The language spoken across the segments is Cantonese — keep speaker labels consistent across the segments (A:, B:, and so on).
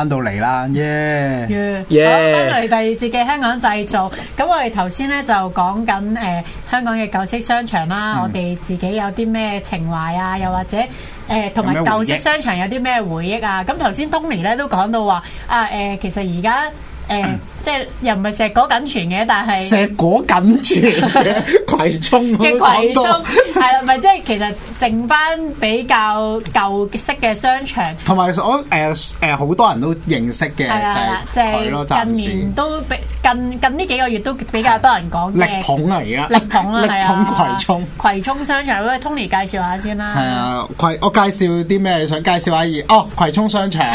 A: 翻到嚟啦，yeah，好，翻嚟
B: 第二節嘅香港製造。咁我哋頭先咧就講緊誒香港嘅舊式商場啦，嗯、我哋自己有啲咩情懷啊，又或者誒同埋舊式商場有啲咩回憶啊。咁頭先東尼咧都講到話啊誒、呃，其實而家誒即係又唔係碩果僅存嘅，但係碩
A: 果僅存。 葵涌
B: 嘅葵涌，係啦，唔係即係其實剩翻比較舊式嘅商場，
A: 同埋我誒誒好多人都認識嘅就係佢咯。近年
B: 都近近呢幾個月都比較多人講嘅力捧啊，而家力捧啦，力捧葵涌，葵涌商場，喂，Tony 介紹下先啦。係
A: 啊，葵，我介紹啲咩？想介紹下而哦，葵涌商場，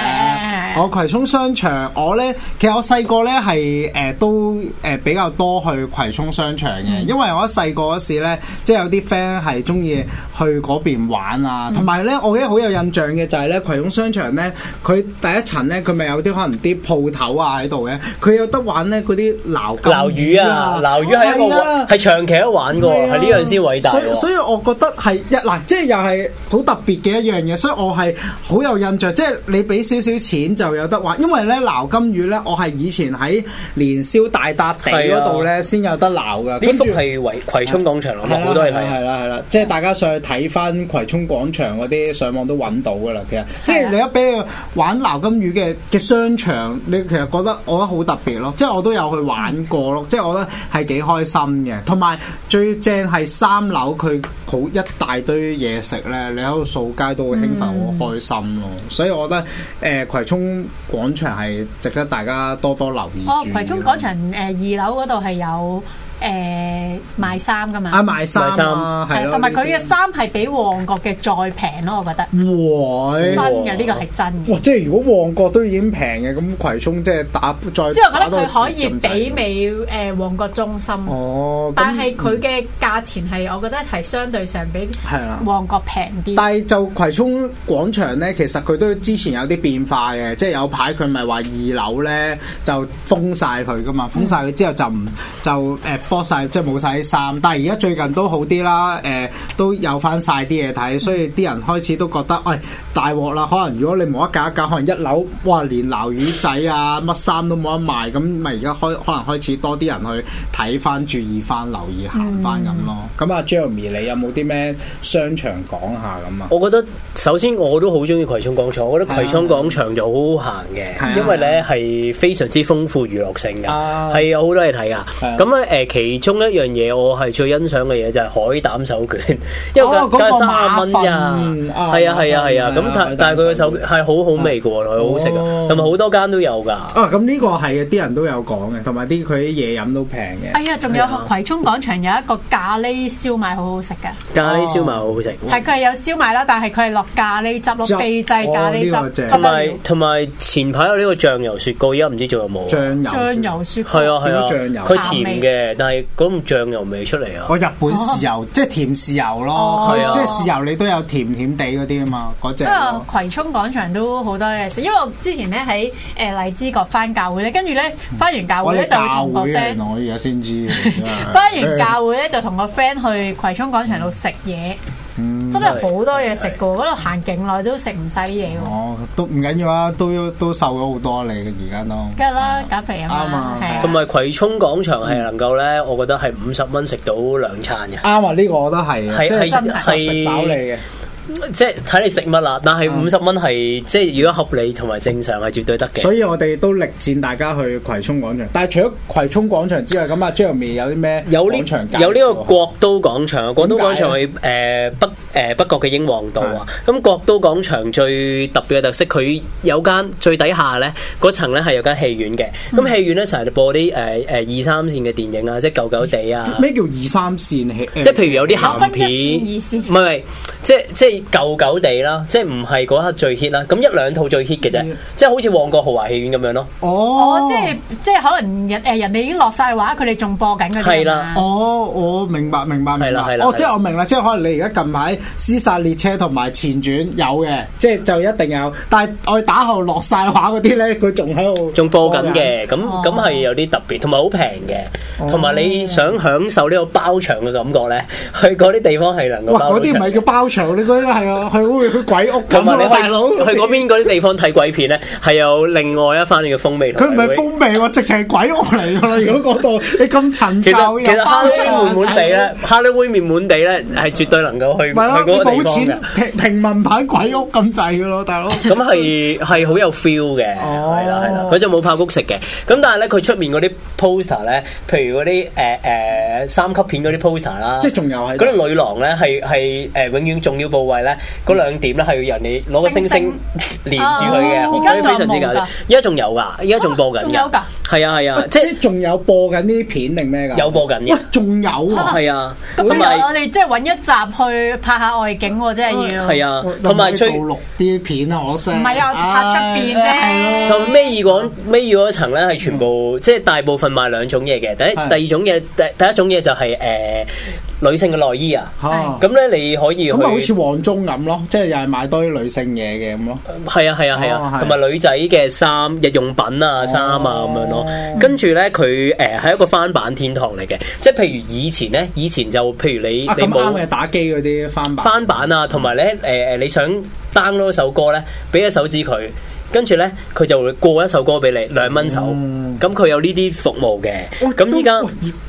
A: 我葵涌商場，我咧其實我細個咧係誒都誒比較多去葵涌商場嘅，因為我細。嗰時咧，即係有啲 friend 係中意去嗰邊玩啊，同埋咧，我記得好有印象嘅就係咧葵涌商場咧，佢第一層咧，佢咪有啲可能啲鋪頭啊喺度嘅，佢有得玩咧嗰啲撈金撈魚啊，撈魚係、啊、係、啊、長期都玩嘅，係呢樣先偉大、啊所。所以我覺得係一嗱，即係又係好特別嘅一樣嘢，所以我係好有印象。即係你俾少少錢就有得玩，因為咧撈金魚咧，我係以前喺年宵大笪地嗰度咧先有得撈嘅。呢幅係圍葵。葵涌廣場好 多嘢睇，係 啦樂，係啦，即係大家上去睇翻葵涌廣場嗰啲，上網都揾到噶啦。其實，即係你一俾佢玩撈金魚嘅嘅商場，你其實覺得我覺得好特別咯。即係我都有去玩過咯，即係我覺得係幾開心嘅。同埋最正係三樓佢好一大堆嘢食咧，你喺度掃街都好興奮，好、嗯、開心咯。所以我覺得誒葵涌廣場係值得大家多多留意。哦，葵涌廣
B: 場誒二樓嗰度係有。誒、uh, 賣衫噶嘛？啊賣衫啊，係咯、啊，同埋佢嘅衫係比旺角嘅再平咯，嘿嘿我覺得
A: 真。哇！真嘅
B: 呢個係真。嘅。
A: 即係如果旺角都已經平嘅，咁葵涌即係打再，即係我覺得佢可以媲美
B: 誒旺角中心。啊、哦，
A: 嗯、但係佢嘅
B: 價錢係，我覺得係相對上比係啦旺角平啲。
A: 但係就葵涌廣場咧，其實佢都之前有啲變化嘅，即係有排佢咪話二樓咧就封晒佢噶嘛，封晒佢之後就唔就誒。就 f 即係冇晒衫，但係而家最近都好啲啦，誒都有翻晒啲嘢睇，所以啲人開始都覺得，喂、哎、大鑊啦，可能如果你冇一間一間，可能一樓哇連撈魚仔啊乜衫都冇得賣，咁咪而家開可能開始多啲人去睇翻、注意翻、留意行翻咁咯。咁阿 Jeremy，你有冇啲咩商場講下咁啊？我覺
C: 得首先我都好中意葵涌廣場，我覺得葵涌廣場就好行嘅，因為咧係非常之豐富娛樂性嘅，係有好多嘢睇㗎。咁咧的的其中一樣嘢我係最欣賞嘅嘢就係海膽手卷，
A: 因為佢加卅蚊呀，
C: 係啊係啊係啊。咁但係佢個手卷係好好味噶，好好食噶，同埋好多間都有噶。
A: 啊，咁呢個係啲人都有講嘅，同埋啲佢啲嘢飲都平嘅。係啊，仲有葵
B: 涌廣場有一個咖喱燒賣好好食嘅，咖喱
A: 燒賣好好食。係
B: 佢係有燒賣啦，但係佢係落咖喱汁咯，秘製咖喱汁。同埋
C: 同埋前排有呢個醬油雪糕，而家唔知仲有冇醬油雪糕。係啊係啊，醬油。佢甜嘅。係嗰種醬
A: 油味出嚟啊！我日本豉油，哦、即係甜豉油咯，哦、即係豉油你都有甜甜地嗰啲啊嘛，嗰隻、嗯。不過
B: 葵涌廣場都好多嘢食，因為我之前咧喺誒荔枝角翻教會咧，跟住咧翻完教會咧就同個 friend，原
A: 來我而家先知。翻 完教
B: 會咧就同個 friend 去葵涌廣場度食嘢。嗯嗯真係好多嘢食嘅，嗰度行勁耐都食唔晒啲嘢
A: 喎。哦，都唔緊要啊，都都瘦咗好多你、啊、嘅。而
C: 家都。
B: 梗係啦，減肥啊嘛。啱啊，
C: 同埋吧的葵涌廣場係能夠咧，嗯、我覺得係五十蚊食到兩餐嘅。啱啊，呢、呢個我覺得係啊，即係真係食飽你嘅。即係睇你食乜啦，但係五十蚊係即係如果合理同埋正常係絕對得嘅。所
A: 以我哋都力薦大家去葵涌廣場。但係除咗葵涌廣場之外，咁阿張入面有啲咩？有呢？有呢個
C: 國都廣場啊！何國都廣場喺誒、呃、北誒、呃、北角嘅英皇道啊。咁的國都廣場最特別嘅特色，佢有間最底下咧嗰層咧係有間戲院嘅。咁戲、嗯、院咧成日播啲誒誒二三線嘅電影啊，即係舊舊地啊。咩
A: 叫二三線戲？即係、呃，譬如有啲鹹片。
C: 線二線唔係是， 即係即係。舊舊地啦，即係唔係嗰刻最 hit 啦，咁一兩套最 hit 嘅啫，即係好似旺角豪華戲院咁樣咯。
B: 哦，即係即係可能人誒人，哋已經落晒畫，佢哋仲播緊嘅。係啦。
A: 哦，我明白，明白，明白。係啦，係啦。哦，即係我明啦，即係可能你而家近排《屍殺列車》同埋《前傳》有嘅，即係就一定有。但係我打後落晒畫嗰啲咧，佢仲喺度。仲播緊嘅，咁咁係
C: 有啲特別，同埋好平嘅，同埋你想享受呢個包場嘅感覺咧，去嗰啲地方係能夠。嗰啲唔係
A: 叫包場，你係啊，係會去鬼屋同埋你大佬去嗰
C: 邊嗰啲地方睇鬼片咧，係有另外一番嘅風味。佢唔係風
A: 味喎，直情係鬼屋嚟咯！如果嗰度你咁陳舊，其實其實哈利滿滿地咧，
C: 哈利會面滿地咧，係絕對能夠去。唔係咯，你冇錢
A: 平民牌鬼屋咁滯嘅咯，大佬。咁
C: 係係好有 feel 嘅，係啦係
A: 啦。佢
C: 就冇爆谷食嘅。咁但係咧，佢出面嗰啲 poster 咧，譬如嗰啲誒誒三級片嗰啲 poster 啦，即係仲有係嗰啲女郎咧，係係誒永遠重要部位。係咧，嗰兩點咧係要人哋攞個星星
A: 連住佢嘅，所以非常之緊。而
C: 家仲有噶，而家
A: 仲播緊嘅。仲有㗎？係啊係啊，即係仲有播緊呢啲片定咩㗎？有播緊嘅，仲有啊？係啊。咁我
B: 哋即係揾一集去拍下外景喎，即係要。係
A: 啊，
C: 同埋最錄啲片啊，我先。唔
B: 係啊，我拍側邊啫。咁
C: 尾二講尾二嗰層咧係全部，即係大部分賣兩種嘢嘅。第一、第二種嘢，第第一種嘢就係誒。女性嘅內衣啊，咁咧，啊、你可以好
A: 似旺中咁咯，即係
C: 又係買堆女性嘢嘅咁咯。係啊係啊係啊，同埋，啊啊哦啊、女仔嘅衫，日用品啊、衫啊咁、哦、樣咯。跟住咧，佢誒係一個翻版天堂嚟嘅，即係譬如以前咧，以前就譬如你你冇嘅打機嗰啲翻版翻版啊，同埋咧誒誒，你想 download 一首歌咧，俾一手指佢，跟住咧佢就會過一首歌俾你兩蚊首。咁佢有呢啲服務嘅，
A: 咁依家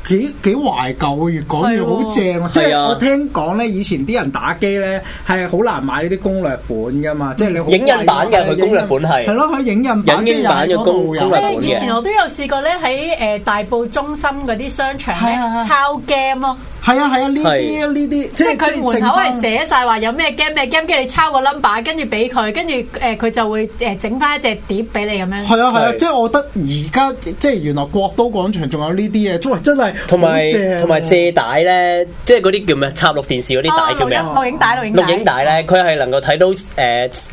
A: 幾幾懷舊啊！越講越好正啊！即係我聽講咧，以前啲人打機咧係好難買呢啲攻略本噶嘛，即係你影印版嘅佢攻略本係係咯，佢影印版嘅攻略本嘅。以前我
B: 都有試過咧，喺誒大埔中心嗰啲商場咧抄 game 咯。
A: 係啊係啊，呢啲啊呢啲即係佢門口係寫
B: 晒話有咩 game 咩 game，跟住你抄個 number，跟住俾佢，跟住誒佢就會誒整翻一隻碟俾你咁樣。係啊係啊，即係
A: 我覺得而家。即係原來國都廣場仲有呢啲嘢，真係同埋同埋借帶咧，
C: 即係嗰啲叫咩？插落電視嗰啲帶叫咩？錄
B: 影帶，錄影帶咧，
C: 佢係能夠睇到誒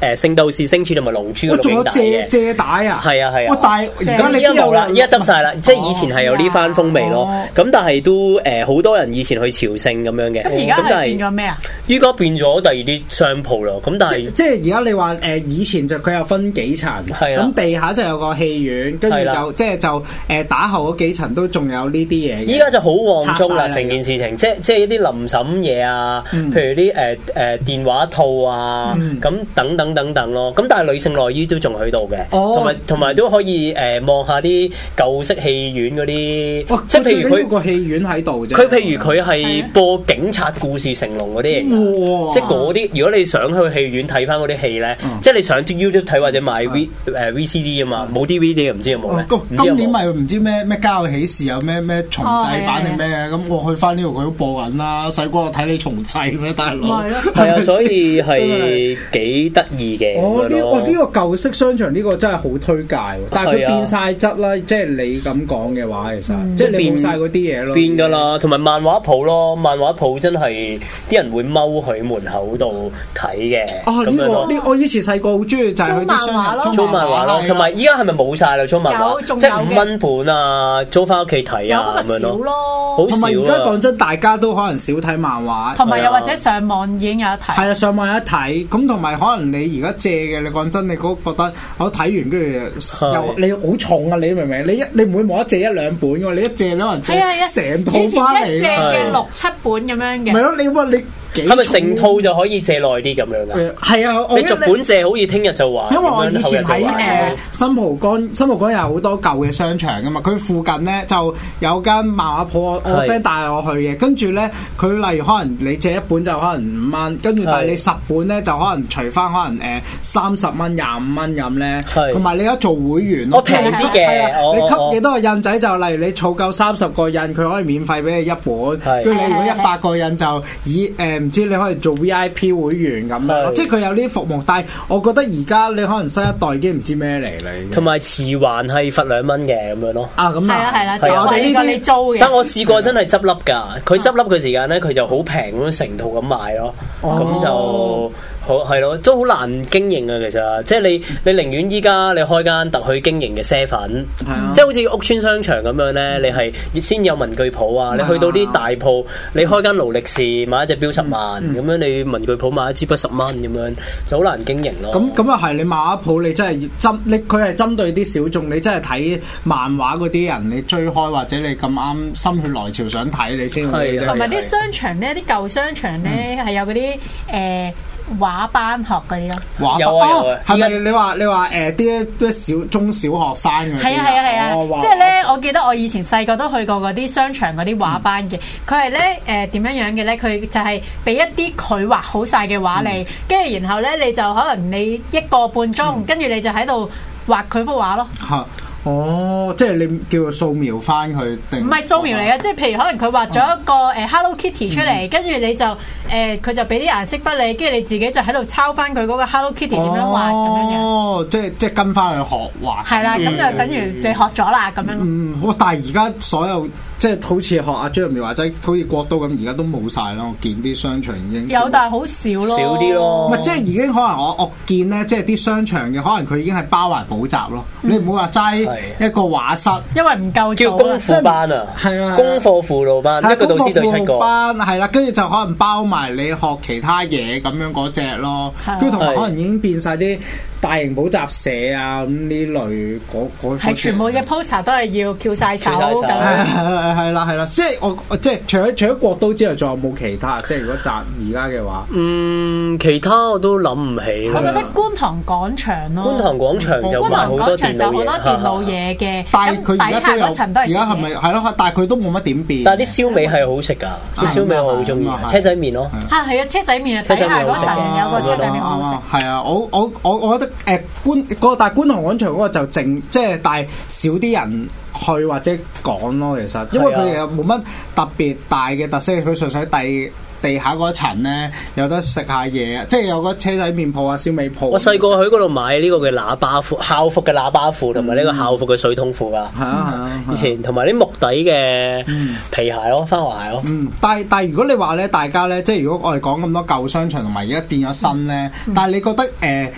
C: 誒聖鬥士星矢同埋龍珠嘅錄影帶嘅，仲有借借帶啊？係啊係啊！咁依家冇啦，依家執晒啦。即係以前係有呢番風味咯。咁但係都誒，好多人以前去朝聖咁樣嘅。而家係變咗咩啊？依家變咗第二啲商鋪咯。咁但係即
A: 係而家你話誒，以前就佢有分幾層，係啊。咁地下就有個戲院，跟住又即係。就誒打後嗰幾層都仲有呢啲嘢，依家就好旺足啦！成
C: 件事情，即即係一啲臨審嘢啊，譬如啲誒誒電話套啊，咁等等等等咯。咁但係女性內衣都仲喺度嘅，同埋同埋都可以誒望下啲舊式戲院嗰啲，即係譬如佢
A: 個戲院喺度。佢譬
C: 如佢係播警察故事、成龍嗰啲，即係嗰啲。如果你想去戲院睇返嗰啲戲咧，即係你上 YouTube 睇或者買 V 誒 VCD 啊嘛，冇 DVD 又唔知
A: 有冇咧。今年咪唔知咩咩家有喜事，有咩咩重製版定咩，咁我去翻呢度，佢都播緊啦。細個睇你重製咩大佬？係啊，所以係幾得意嘅。哦，呢個呢個舊式商場呢個真係好推介，但係佢變晒質啦。即係你咁講嘅話，其實即係冇曬嗰啲嘢咯。變
C: 㗎啦，同埋漫畫鋪咯，漫畫鋪真係啲人會踎喺門口度睇嘅。哦，呢個呢
A: 我以前細個好中意就係啲商場咯，漫畫咯，同埋
C: 依家係咪冇曬啦？漫畫即五蚊
A: 本啊，租翻屋企睇啊，咁樣咯。同埋而家講真，大家都可能少睇漫畫。同埋又或者
B: 上網已經有得睇。係啊，
A: 啊，上網有得睇。咁同埋可能你而家借嘅，你講真，你嗰覺得我睇完跟住又、啊、你好重啊！你明唔明？你一你唔會冇得借一兩本嘅，你一借都人借成、啊啊、套翻嚟、啊。以前一借嘅六
B: 七本咁樣嘅。咪咯，
A: 你話你。你你係咪成套
C: 就可以借耐啲
A: 咁
C: 樣㗎？係啊，你逐本借好似聽日就還。因為我以前喺誒
A: 新蒲崗，新蒲崗有好多舊嘅商場㗎嘛。佢附近咧就有間漫畫舖，我 friend 帶我去嘅。跟住咧，佢例如可能你借一本就可能五蚊，跟住但係你十本咧就可能除翻可能誒三十蚊、廿五蚊咁咧。同埋你一做會員，我平啲嘅。你吸幾多個印仔就例如你儲夠三十個印，佢可以免費俾你一本。係。跟住你如果一百個印就以誒。唔知你可以做 VIP 會員咁樣咯，是的 即係佢有啲服務。但係我覺得而家你可能新一代已經唔知咩嚟啦。同埋遲還係
C: 罰兩蚊嘅咁樣咯。啊，咁啊，係啦係啦，的就租我哋呢啲。但我試過真係執笠㗎，佢執笠嘅時間咧，佢就好平咁成套咁賣咯，咁、哦、就。好係咯，都好難經營啊。其實即係你，你寧願依家你開間特許經營嘅 Seven，即係好似屋村商場咁樣呢。你係先有文具鋪啊，你去到啲大鋪，你開間勞力士買一隻錶十萬咁樣，你文具鋪買一支筆十蚊咁樣，
A: 就好難經營咯。咁咁啊，係你漫畫鋪，你真係針你佢係針對啲小眾，你真係睇漫畫嗰啲人，你追開或者你咁啱心血來潮想睇，你先去。同埋啲商
B: 場呢？啲舊商場呢？係有嗰啲誒。畫班學嗰啲咯，有
A: 啊，係咪、哦、現在 你話你話誒啲啲小中小，小，小學生嘅？係啊係啊係啊，啊啊哦、即係
B: 咧，畫我記得我以前細個都去過嗰啲商場嗰啲畫班嘅，佢係咧誒點樣樣嘅咧？佢就係俾一啲佢畫好晒嘅畫嚟，跟住、嗯、然後咧你就可能你一個半鐘，跟住、嗯、你就喺度畫佢幅畫咯。嗯
A: 哦，即係你叫做掃描翻佢定？唔係掃描
B: 嚟嘅，即係譬如可能佢畫咗一個誒 Hello Kitty 出嚟，跟住、嗯、你就誒佢、呃、就俾啲顏色筆你，跟住你自己就喺度抄翻佢嗰個 Hello Kitty 點樣
A: 畫咁樣嘅。哦，樣即係即係跟翻佢學畫。係啦了，咁、嗯、就等於
B: 你學咗啦咁樣嗯。
A: 嗯，好，但係而家所有。即係好似學阿 Jeremy 話齋，好似國都咁，而家都冇晒咯。我見啲商場已經有，
B: 但係好少咯。少啲咯，唔係即係已
A: 經可能我我見咧，即係啲商場嘅可能佢已經係包埋補習咯。你唔好話齋一個畫室，因為唔夠叫功課班啊，係啊，功
C: 課輔導班一個老師就出個
A: 班，係啦，跟住就可能包埋你學其他嘢咁樣嗰隻咯。跟住同埋可能已經變晒啲。大型補習社啊，咁呢類嗰全
B: 部嘅 poster 都係要翹晒手，咁
A: 係啦係啦，即係我即係除咗除咗國都之外，仲有冇其他？即係如果集而家嘅話，嗯，其他我都諗唔起。我覺
B: 得觀塘廣場咯，觀塘廣場就觀塘廣場就好多電腦嘢嘅。但咁底下嗰層而家係
A: 咪係咯？但係佢都冇乜點變。但係啲燒味係好食㗎，啲燒味我好中意，車仔麵咯。
B: 嚇係啊，車仔麵啊，底下嗰層有個車
A: 仔麵我好食。係啊，我我我我覺得。誒、欸，觀個但係觀塘廣場嗰個就淨即係，但少啲人去或者講咯，其實因為佢又冇乜特別大嘅特色，佢純粹地地下嗰一層咧有得食下嘢，即係有個車仔麵鋪啊、燒味鋪。我細個喺
C: 嗰度買呢個嘅喇叭褲、校服嘅喇叭褲，同埋呢個校服嘅水
A: 桶褲噶，係啊、嗯，以前同埋啲木底嘅皮鞋咯，返學、嗯、鞋咯、嗯。但係但係如果你話咧，大家咧，即係如果我哋講咁多舊商場同埋而家變咗新咧，嗯嗯、但係你覺得誒？呃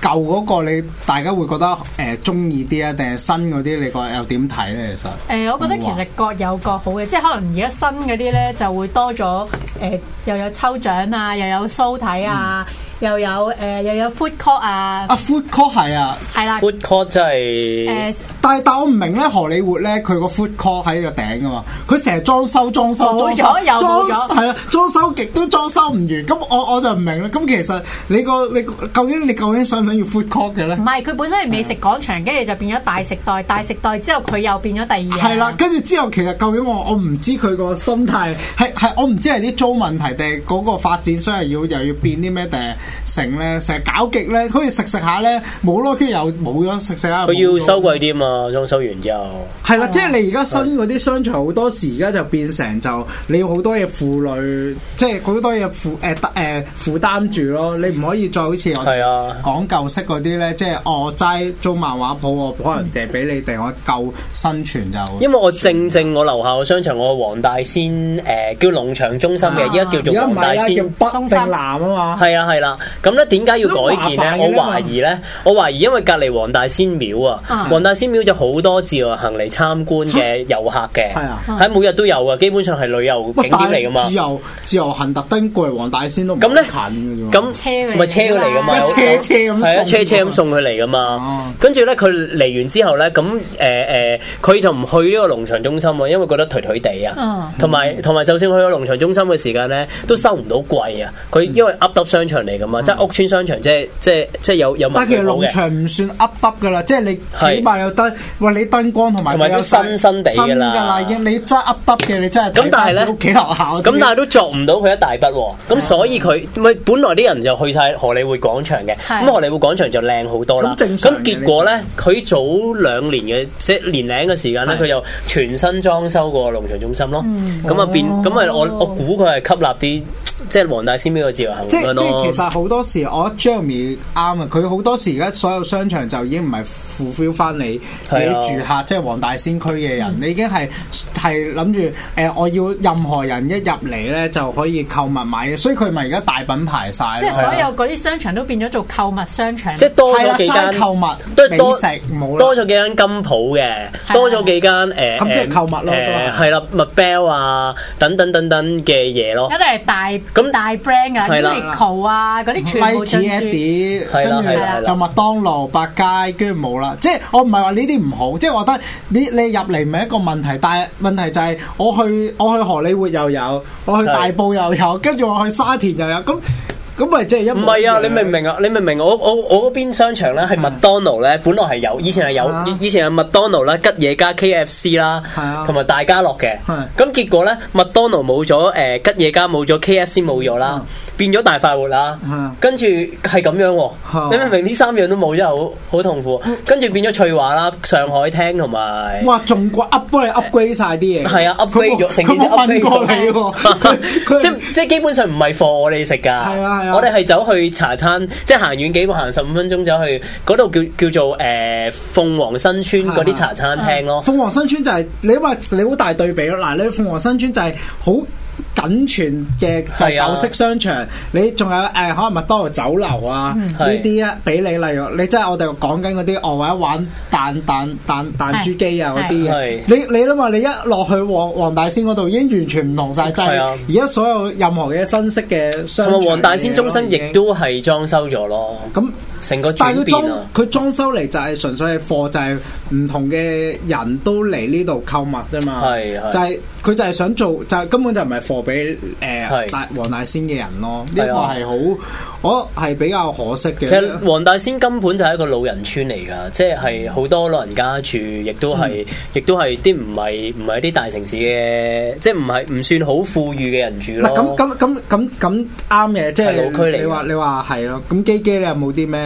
A: 舊嗰個你大家會覺得誒中意啲啊，定、呃、係新嗰啲？你覺得又點睇咧？其實誒，我覺得其實
B: 各有各好嘅，即係可能而家新嗰啲咧就會多咗誒、呃，又有抽獎啊，又有 show 睇啊。嗯又有誒、呃、又有 food court
A: 啊！啊 food court 係啊，係啦，food court 就係、是，誒、呃，但係但係我唔明咧，荷里活咧佢個 food court 喺個頂噶嘛，佢成日裝修裝修裝修，係啊，裝修極都裝修唔完，咁我我就唔明啦，咁其實你個，你，個你，究你究竟你究竟想唔想要 food court 嘅咧？
B: 唔係，佢本身係美食廣場跟住、啊、就變咗大食代，大食代之後佢又變咗第二係、啊、啦。
A: 跟住之後其實究竟我我唔知佢個心態，係係，我唔知係啲租問題定嗰、嗰個發展商係要又要變啲咩定？成咧成日搞極咧，好似食食下咧冇咯，跟住又冇咗食食下。佢要收貴啲啊嘛，裝修完之後。係啦對，啊、即係你而家新嗰啲商場好多時而家就變成就你要好多嘢負累，即係好多嘢負誒誒負擔住咯。你唔可以再好似我係啊講舊式嗰啲咧，啊、即係我齋租漫畫鋪，我可能借俾你哋，我夠生存就。
C: 因為我正正我樓下個商場，我黃大仙誒、呃、叫農場中心嘅，而家叫做黃大仙中心南啊嘛。係 啊係啦。 咁咧，點解要改建咧？我懷疑咧，我懷疑因為隔籬黃大仙廟啊，黃大仙廟就好多自由行嚟參觀嘅遊客嘅，喺每日都有啊，基本上係旅遊景點嚟噶嘛。自由自由行特登過嚟黃大仙都唔近，咁車嘅咪車佢嚟噶嘛，車車咁車車咁送佢嚟噶嘛。跟住咧，佢嚟完之後咧，咁誒誒，佢就唔去呢個農場中心啊，因為覺得頹頹地啊。同埋同埋，就算去咗農場中心嘅時間咧，都收唔到貴啊。佢因為噏揼商場嚟。即係屋村商場，即係即係即係有有問到嘅。但其實農場
A: 唔算噏噏噶啦，即係你起碼有燈，喂你燈光同埋有新新地㗎啦，已經你真係噏噏嘅，你真係睇翻啲屋企學校。咁但係
C: 都作唔到佢一大筆喎。咁所以佢咪本來啲人就去晒荷里活廣場嘅，咁荷里活廣場就靚好多啦。咁正常。咁結果咧，佢早兩年嘅即年零嘅時間咧，佢又全新裝修過農場中心咯。咁啊變，咁啊我我估佢係吸納啲。即係黃大仙呢個字係咁樣咯。即係其實
A: 好多時我覺得 Jeremy 啱啊，佢好多時而家所有商場就已經唔係 fulfill 翻你自己住客，是的 即係黃大仙區嘅人，是的 你已經係係諗住誒，我要任何人一入嚟咧就可以購物買嘢，所以佢咪而家大品牌晒。即係的所有
B: 嗰啲商場都變咗做購物商場。即係多咗幾間購物、美食，
A: 多咗幾間金鋪
C: 嘅，多咗幾間誒。咁即係購物咯，係啦，麥、呃呃、啊，等等等等
A: 嘅嘢咯。一
B: 定係大。咁那大 brand 啊，Uniqlo 啊，嗰啲、啊、全部
A: 進駐，跟住就麥當勞、百佳的，跟住冇啦。即係我唔係話呢啲唔好，即係我覺得你你入嚟唔係一個問題，但係問題就係我去我去荷里活又有，我去大埔又有，跟住的我去沙田又有咁。咁咪即係一唔係啊？你明唔
C: 明啊？你明唔明？我我我嗰邊商場咧係麥當勞咧，本來係有，以前係有，以前係麥當勞啦、吉野家、K F C 啦，係啊，同埋大家樂嘅，係。咁結果咧，麥當勞冇咗，誒吉野家冇咗，K F C 冇咗啦，變咗大快活啦，係。跟住係咁樣，你明唔明？呢三樣都冇真係好好痛苦。跟住變咗翠華啦，上海廳同埋，
A: 哇，仲鬼 upgrade upgrade 晒啲嘢，係啊，upgrade 咗成件事 upgrade 晒，
C: 即即係基本上唔係貨我哋食噶，係啊。我哋係走去茶餐，即係行遠幾步，行十五分鐘走去嗰度叫叫做誒、呃、鳳凰新村嗰啲茶餐廳咯電話、嗯。鳳
A: 凰新村就係、是、你話你好大對比咯。嗱，你去鳳凰新村就係好。僅存嘅就係舊式商場，啊、你仲有誒、哎？可能麥當勞酒樓啊，呢啲、嗯、啊，俾、啊、你例如，你真係我哋講緊嗰啲，我、哦、話玩彈彈彈彈珠機啊嗰啲嘢，你你諗下，你一落去黃黃大仙嗰度，已經完全唔同晒。即係而家所有任何嘅新式嘅商場、啊，黃大仙中
C: 心亦都係裝修咗咯，
A: 咁。 個但係佢裝佢裝修嚟就係純粹係貨，就係唔同嘅人都嚟呢度購物啫嘛。係，就係佢就係想做，就係根本就唔係貨俾誒大黃大仙嘅人咯。呢是的 個係好，我係比較可惜嘅。其實
C: 黃大仙根本就係一個老人村嚟噶，即係好多老人家住，亦都係亦、嗯、都係啲唔係唔係啲大城市嘅，即係唔係唔算好富裕
A: 嘅人住咯、嗯。咁咁咁咁咁啱嘅，即係老區嚟。你話你話係咯。咁、嗯、璣璣你有冇啲咩？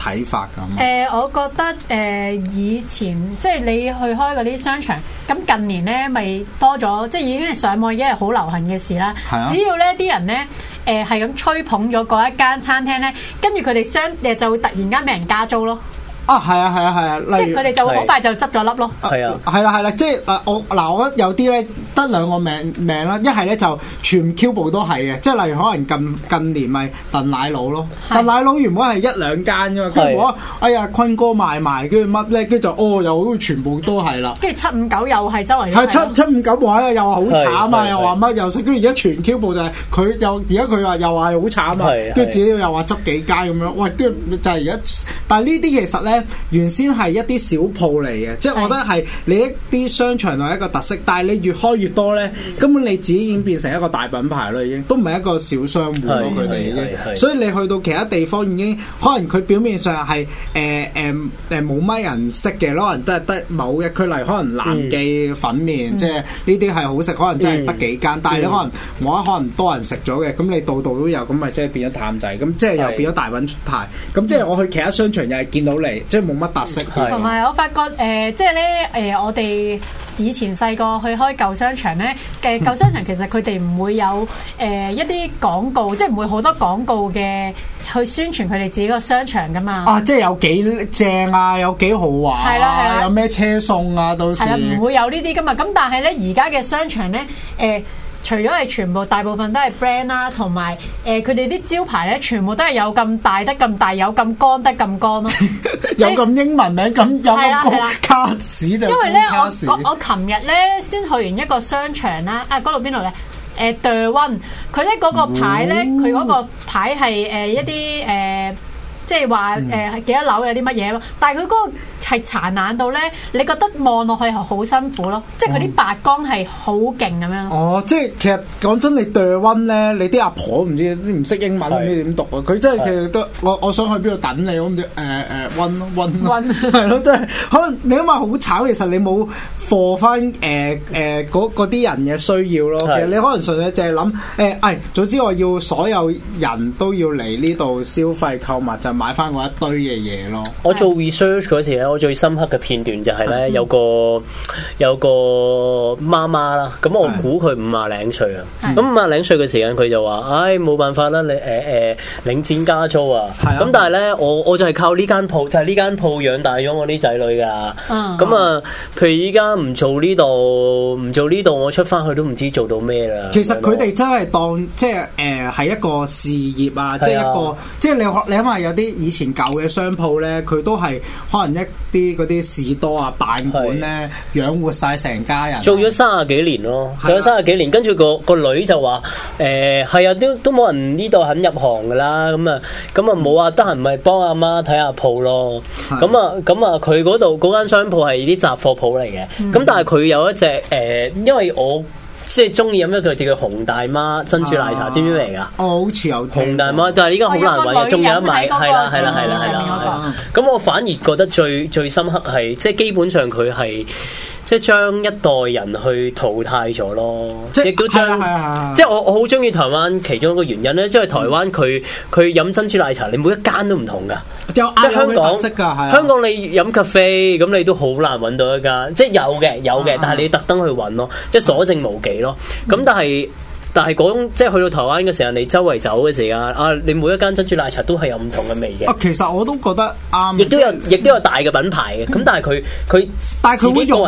A: 睇法咁，誒、
B: 呃，我覺得誒、呃，以前即係你去開嗰啲商場，咁近年咧咪多咗，即係已經係上網已經係好流行嘅事啦。啊、只要咧啲人咧誒，係、呃、咁吹捧咗嗰一間餐廳咧，跟住佢哋商誒就會突然間俾人加租咯。
A: 啊，係啊，係啊，係啊！即係佢哋就會好快就執咗笠咯。係啊，係啦，係啦，即係啊！我嗱，我覺得有啲咧得兩個名名啦，一係咧就全 Q 部都係嘅，即係例如可能近近年咪燉奶佬咯，燉奶佬原本係一兩間㗎嘛，跟住我哎呀坤哥賣埋，跟住乜咧，跟住就哦又全部都係啦，跟
B: 住七五九又係周圍。係七
A: 七五九話咧，又話好慘啊，又話乜又蝕，跟住而家全 Q 部就係佢又而家佢話又話係好慘啊，跟住自己又話執幾間咁樣，喂，跟住就係而家，但係呢啲其實咧。原先係一啲小鋪嚟嘅，即係我覺得係你一啲商場有一個特色，但係你越開越多呢，根本你自己已經變成一個大品牌啦，已經都唔係一個小商戶咯，佢哋已經。所以你去到其他地方，已經可能佢表面上係誒誒冇乜人識嘅、嗯，可能真係得某一區嚟，可能南記粉麵，即係呢啲係好食，可能真係得幾間。嗯、但係你可能我可能多人食咗嘅，咁你度度都有，咁咪即係變咗譚仔，咁即係又變咗大品牌。咁即係我去其他商場又係見到你。即係冇乜特色，同埋、
B: 嗯、我發覺誒、呃，即係咧誒，我哋以前細個去開舊商場咧，誒、呃、舊商場其實佢哋唔會有誒、呃、一啲廣告， 即係唔會好多廣告嘅去宣傳佢哋自己個商場噶嘛。啊！
A: 即係有幾正啊，有幾豪華啊，係啦係啦有咩車送啊，啊到時唔、啊、會
B: 有呢啲噶嘛。咁但係咧，而家嘅商場咧，誒、呃。除咗係全部大部分都係 brand 啦，同埋誒佢哋啲招牌咧，全部都係有咁大得咁大，有咁乾得咁乾咯，
A: 有咁英文名咁，以有咁卡士就卡士。因為咧，我我
B: 琴日咧先去完一個商場啦，啊嗰度邊度咧？誒 The One 佢咧嗰個牌咧，佢嗰個牌係誒、呃、一啲誒，即係話誒幾多樓有啲乜嘢咯，但係佢嗰個。係殘難到咧，你覺得望落去係好辛苦咯，即係佢啲白光係好勁咁樣。
A: 哦，即係其實講真，你 The One 咧，你啲阿婆唔知唔識英文，唔的知點讀啊！佢的真係的其實都，我我想去邊度等你，我唔知溫溫溫，係、嗯、咯、嗯嗯嗯，即係可能你咁話好慘，其實你冇貨翻誒誒嗰啲人嘅需要咯。其實你可能純粹淨係諗誒，係、呃哎、總之我要所有人都要嚟呢度消費購物，就買翻我一堆嘅嘢咯我。我做 research 嗰時咧，最深刻嘅片段就係咧，有個
C: 有個媽媽啦，咁我估佢五啊零歲啊，咁五啊零歲嘅時間佢就話：唉，冇辦法啦，你誒誒領展加租啊，咁但係咧，我我就係靠呢間鋪，就係呢間鋪養大咗我啲仔女噶，咁啊，譬如依家唔做呢度，唔做呢度，我出翻去都唔知做到咩啦。其實佢哋
A: 真係當即係誒係一個事業啊，即係一個，即係你學你諗下，有啲以前舊嘅商鋪咧，佢都係可能一。啲嗰啲士多啊、辦館咧，養活晒成家人。
C: 做咗三十幾年咯，做咗三十幾年，跟住、嗰個 個女就話：誒，係啊，都都冇人呢度肯入行噶啦。咁 啊，咁啊冇啊，得閒咪幫阿媽睇下鋪咯。咁啊，咁啊，佢嗰度嗰間商鋪係啲雜貨鋪嚟嘅。咁但係佢有一隻誒、呃，因為我。即係中意飲一個叫紅大媽珍珠奶茶，啊、知唔知咩嚟噶？哦，好似有。紅大媽，但係依家好難揾，仲有一買，係啦係啦係啦係啦。咁、嗯、我反而覺得最最深刻係，即係基本上佢係。即係將一代人去淘汰咗咯，即亦都將，啊、即係我我好中意台灣其中一個原因咧，即、就、係、是、台灣佢佢、嗯、飲珍珠奶茶，你每一間都唔同㗎，啊、即香港，香港你飲咖啡，f 咁，你都好難揾到一間，即係有嘅有嘅，有啊、但係你特登去揾咯，啊啊、即係所剩無幾咯，咁的、嗯、但係。但係嗰種即係去到台灣嘅時候，你周圍走嘅時候，啊，你每一間珍珠奶茶都係有唔同嘅味嘅。啊，其實我都覺得啱。亦、嗯、都有亦都有大嘅品牌嘅，咁但係佢佢，但係佢
A: 容許容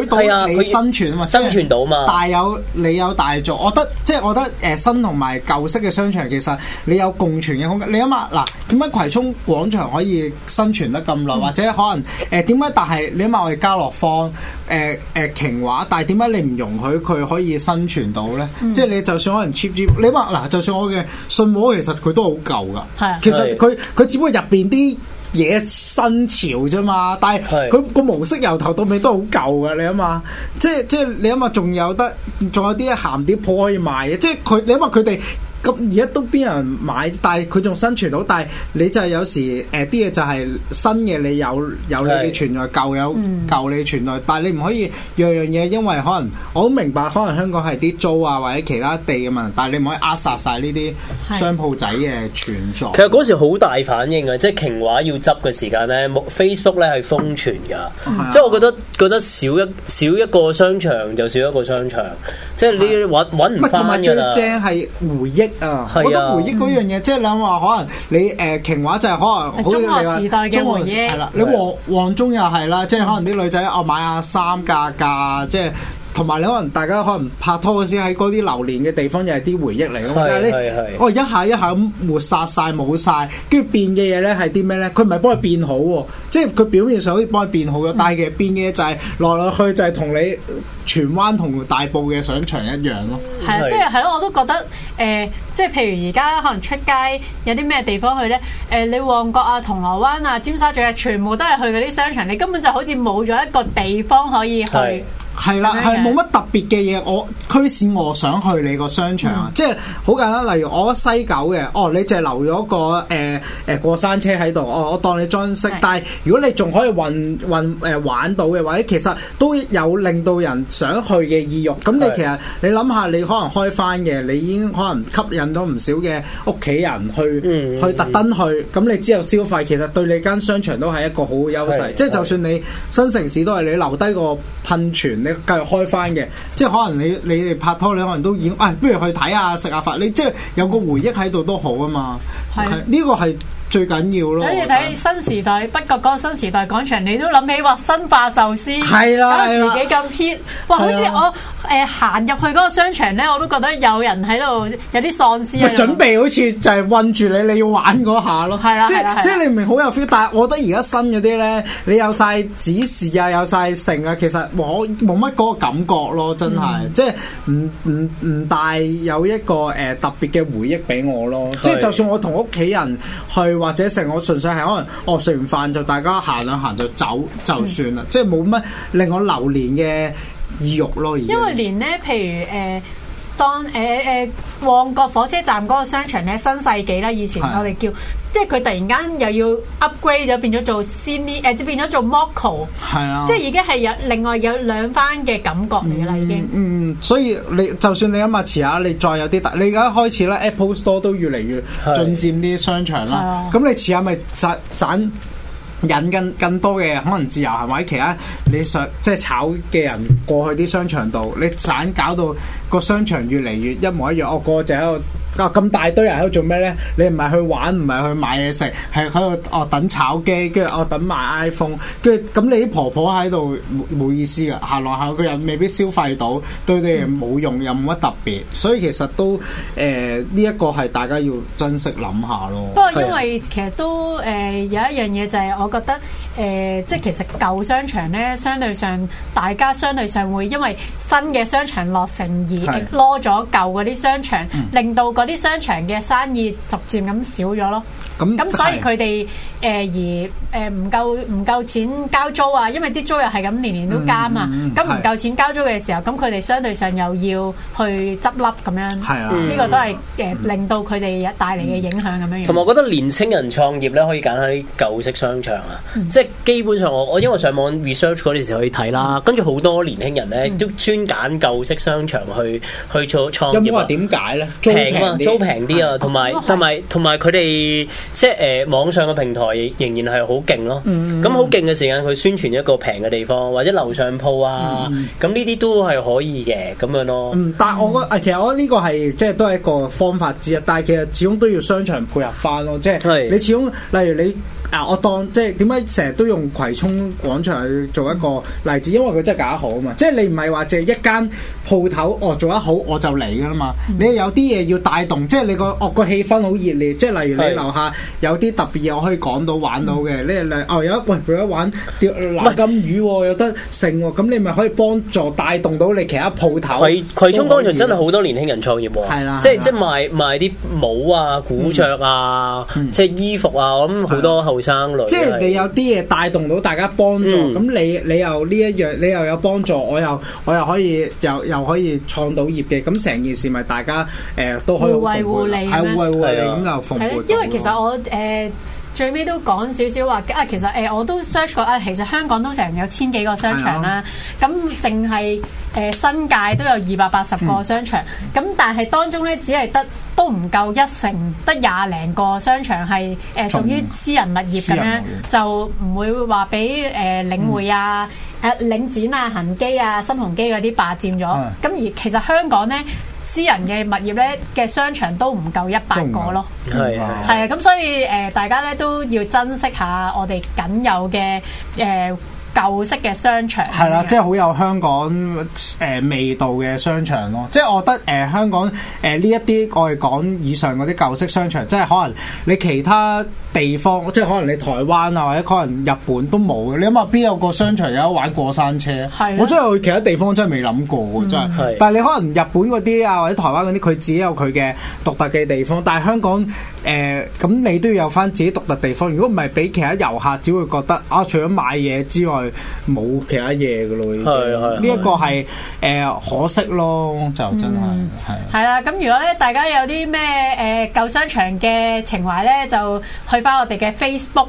A: 許到你生存啊嘛，啊生存到啊嘛。大是有你有大作，我覺得即係我覺得誒新同埋舊式嘅商場，其實你有共存嘅空間。你諗下嗱，點解葵涌廣場可以生存得咁耐，或者可能誒點解？但係你諗下我哋家樂坊誒誒瓊華，但係點解你唔容許佢可以生存到咧、嗯？即你就算可能 cheap 啲，你話嗱，就算我嘅信和其實佢都好舊噶，係啊、其實佢佢只不過入邊啲嘢新潮啫嘛，但係佢個模式由頭到尾都好舊噶，你諗下，即係即係你諗下，仲有得仲有啲鹹碟鋪可以賣嘅，即係佢你諗下佢哋。咁而家都邊人買，但係佢仲生存到。但係你就係有時誒啲嘢就係新嘅，你有有你嘅存在，舊是有舊、嗯、你嘅存在。但係你唔可以樣樣嘢，因為可能我好明白，可能香港係啲租啊或者其他地嘅問題。但係你唔可以扼殺晒呢啲商鋪仔嘅存在。嗯、其實嗰時好大反
C: 應嘅，啊、即係瓊華要執嘅時間咧，Facebook 咧係瘋傳噶，啊、即係我覺得覺得少一少一個商場就少一個商場，即係你揾唔翻㗎啦。同埋的最正係
A: 回憶。啊，uh, 我都回憶嗰樣嘢，即係你話可能你誒瓊、呃、話就係、是、可能好你，中學時代嘅嘢，係啦，了了你黃黃忠又係啦，即係、就是、可能啲女仔哦買下衫架架，即係。就是同埋你可能大家可能拍拖嗰時喺嗰啲流連嘅地方又係啲回憶嚟㗎嘛， 但係咧我一下一下咁抹殺晒，冇晒。跟住變嘅嘢咧係啲咩咧？佢唔係幫佢變好喎，即係佢表面上好似幫佢變好咗，但係其實變嘅就係來來去就係同你荃灣同大埔嘅商場一樣咯。係啊，即係係
B: 咯，我都覺得誒、呃，即係譬如而家可能出街有啲咩地方去咧？誒、呃，你旺角啊、銅鑼灣啊、尖沙咀啊，全部都係去嗰啲商場，你根本就好似冇咗一個地方可以去。
A: 係啦，係冇乜特別嘅嘢，我驅使我想去你個商場啊！嗯、即係好簡單，例如我西九嘅，哦，你淨係留咗個誒誒過山車喺度，哦，我當你裝飾。是但係如果你仲可以運運誒、呃、玩到嘅，或者其實都有令到人想去嘅意欲。咁你其實你諗下，你可能開翻嘅，你已經可能吸引咗唔少嘅屋企人去、嗯、去特登去。咁你之後消費，其實對你間商場都係一個好優勢。是即係就算你新城市都係你留低個噴泉。你繼續開翻嘅，即係可能你你哋拍拖，兩個人都已經哎，不如去睇下食下飯，你即係有個回憶喺度都好啊嘛，係呢是個係。最緊要咯。所以睇
B: 新時代，不過嗰個新時代廣場，你都諗起話新化壽司，係啦，自己咁 hit。哇，好似我誒行入去嗰個商場咧，我都覺得有人喺度，有啲喪屍。準備
A: 好似就係困住你，你要玩嗰下咯。係啦，即即係你唔明好有 feel，但係我覺得而家新嗰啲咧，你有晒指示啊，有晒剩啊，其實我冇乜嗰個感覺咯，真係即係唔唔唔帶有一個誒特別嘅回憶俾我咯。即係就算我同屋企人去。或者食我純粹係可能，我、哦、食完飯就大家行兩行就走就算啦，嗯、即係冇乜令我流連嘅意欲咯，而因為
B: 連咧，譬如誒。呃當誒誒、欸欸、旺角火車站嗰個商場咧，新世紀啦，以前我哋叫，是啊、即係佢突然間又要 upgrade 咗，變咗做先啲誒，ok ko, 是啊、即係變咗做 moco，係啊，即係已經係有另外有兩番嘅感覺嚟嘅啦，已經、
A: 嗯。嗯，所以你就算你諗埋遲下，你再有啲，大，你而家開始啦 Apple Store 都越嚟越進佔啲商場啦。咁是、啊、你遲下咪賺賺？引更更多嘅可能自由係咪？其他你想即係炒嘅人過去啲商場度，你盞搞到個商場越嚟越一模一樣、哦，個,個就。喺度。咁、啊、大堆人喺度做咩呢？你唔係去玩，唔係去買嘢食，係喺度哦等炒機，跟住哦等買 iPhone，跟住咁你啲婆婆喺度冇意思噶，行來行去又未必消費到，對你哋冇用，又冇乜特別，所以其實都誒呢一個係大家要珍惜諗下咯。不過因為
B: 其實都誒、呃、有一樣嘢就係我覺得。誒，即係其實舊商場咧，相對上大家相對上會因為新嘅商場落成而攞咗舊嗰啲商場，令到嗰啲商場嘅生意逐漸咁少咗咯。咁咁所以佢哋誒而誒唔夠唔夠錢交租啊，因為啲租又係咁年年都加嘛。咁唔夠錢交租嘅時候，咁佢哋相對上又要去執笠咁樣。係啊，呢個都係誒令到佢哋帶嚟嘅影響咁樣樣。同
C: 埋我覺得年輕人創業咧，可以揀喺舊式商場啊，即係。基本上我我因為上網 research 嗰陣時可以睇啦，跟住好多年輕人咧都專揀舊式商場去去做創業。因為點解咧？平啊，租平啲啊，同埋同埋同埋佢哋即係誒網上嘅平台仍然係好勁咯。咁好勁嘅時間去宣傳一個平嘅地方，或者樓上鋪啊，咁呢啲都係可以嘅咁樣咯。
A: 但係我覺得，其實我覺得呢個係即係都係一個方法之一，但係其實始終都要商場配合翻咯，即係你始終例如你啊，我當即係點解成。都用葵涌廣場去做一個例子，因為佢真係搞得好啊嘛！即係你唔係話淨係一間鋪頭，我做得好我就嚟㗎啦嘛！你有啲嘢要帶動，即係你個我個氣氛好熱烈，即係例如你樓下有啲特別嘢我可以講到玩到嘅，你你哦有喂有得玩釣金魚，有得勝，咁你咪可以幫助帶動到你其他鋪頭。葵涌廣場真係好多
C: 年輕人創業喎，即係即係賣賣啲帽啊、古著啊、即係衣服啊，咁好多後生女。即係你
A: 有啲嘢。帶動到大家幫助，咁、嗯、你你又呢一樣，你又有幫助，我又我又可以又又可以創到業嘅，咁成件事咪大家誒、呃、都可以互惠互利咁、哎、啊！互惠互利咁就奉。係、啊、因為其實我
B: 誒、呃、最尾都講少少話啊，其實誒、呃、我都 search 過啊、呃，其實香港都成有千幾個商場啦，咁淨係誒新界都有二百八十個商場，咁、嗯、但係當中咧只係得。都唔夠一成，得廿零個商場係誒、呃、屬於私人物業咁樣，就唔會話俾誒領匯啊、誒、嗯呃、領展啊、恆基啊、新鴻基嗰啲霸佔咗。咁的而其實香港呢，私人嘅物業呢嘅商場都唔夠一百個咯。係係係啊！咁的的所以誒、呃，大家呢都要珍惜下我哋僅有嘅誒。呃舊式嘅商場係啦，了即
A: 係好有香港誒、呃、味道嘅商場咯。即係我覺得誒、呃、香港誒呢一啲，我哋講以上嗰啲舊式商場，即係可能你其他地方，即係可能你台灣啊，或者可能日本都冇嘅。你諗下，邊有個商場有得玩過山車？係、嗯，我真係去其他地方真係未諗過喎，真係。嗯、但係你可能日本嗰啲啊，或者台灣嗰啲，佢自己有佢嘅獨特嘅地方。但係香港。誒咁、呃、你都要有翻自己獨特地方，如果唔係，俾其他遊客只會覺得啊，除咗買嘢之外，冇其他嘢噶咯。係啊係，呢一個係誒、呃、 可惜咯，就真係
B: 係啦。咁、嗯啊、如果咧，大家有啲咩誒舊商場嘅情懷咧，就去翻我哋嘅 Facebook。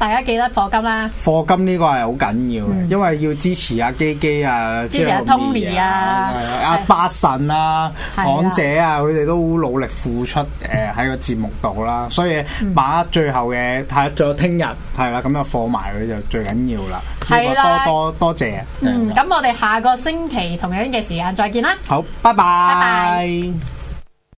B: 大家記得課金啦！
A: 課金呢個係好緊要嘅，因為要支持阿璣璣啊，支持阿
B: Tony 啊，
A: 阿巴神啊，港姐啊，佢哋都好努力付出誒喺個節目度啦。所以把握最後嘅，睇仲有聽日係啦，咁就課埋佢就最緊要啦。係啦，多多多謝。嗯，
B: 咁我哋下個星期同樣嘅時間再見啦。好，拜拜。